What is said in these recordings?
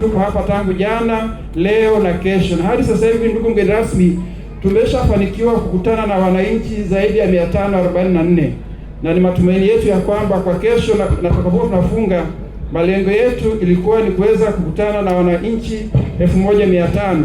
tuko hapa tangu jana, leo na kesho, na hadi sasa hivi, ndugu mgeni rasmi, tumeshafanikiwa kukutana na wananchi zaidi ya 544 na ni matumaini yetu ya kwamba kwa kesho na, na tutakapokuwa tunafunga, malengo yetu ilikuwa ni kuweza kukutana na wananchi 1500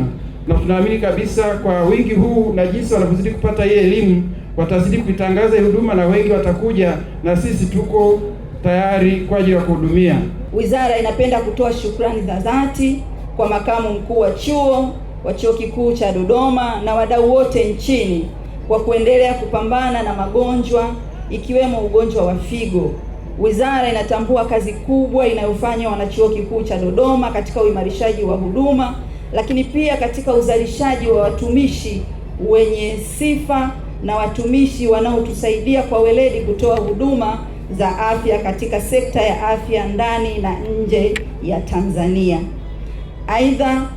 na tunaamini kabisa kwa wingi huu na jinsi wanavyozidi kupata hii elimu watazidi kuitangaza huduma na wengi watakuja, na sisi tuko tayari kwa ajili ya kuhudumia. Wizara inapenda kutoa shukrani za dhati kwa makamu mkuu wa chuo wa Chuo Kikuu cha Dodoma na wadau wote nchini kwa kuendelea kupambana na magonjwa ikiwemo ugonjwa wa figo. Wizara inatambua kazi kubwa inayofanywa wanachuo kikuu cha Dodoma katika uimarishaji wa huduma, lakini pia katika uzalishaji wa watumishi wenye sifa na watumishi wanaotusaidia kwa weledi kutoa huduma za afya katika sekta ya afya ndani na nje ya Tanzania. Aidha,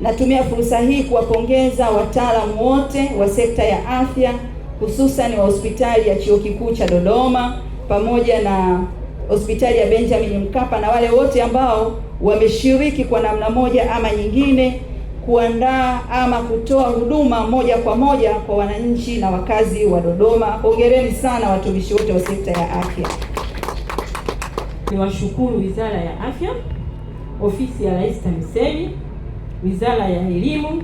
natumia fursa hii kuwapongeza wataalamu wote wa sekta ya afya hususan wa hospitali ya Chuo Kikuu cha Dodoma pamoja na hospitali ya Benjamin Mkapa na wale wote ambao wameshiriki kwa namna moja ama nyingine kuandaa ama kutoa huduma moja kwa moja kwa wananchi na wakazi wa Dodoma. Hongereni sana watumishi wote wa sekta ya afya. Niwashukuru Wizara ya Afya, Ofisi ya Rais TAMISEMI, Wizara ya Elimu,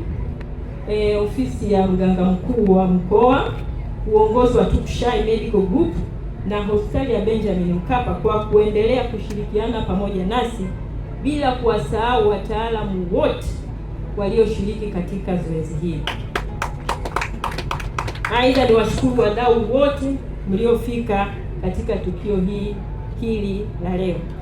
e, Ofisi ya Mganga Mkuu wa Mkoa, uongozi wa Tukshai Medical Group na hospitali ya Benjamin Mkapa kwa kuendelea kushirikiana pamoja nasi bila kuwasahau wataalamu wote walioshiriki katika zoezi hili. Aidha, ni washukuru wadau wote mliofika katika tukio hii hili la leo.